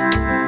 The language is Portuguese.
Música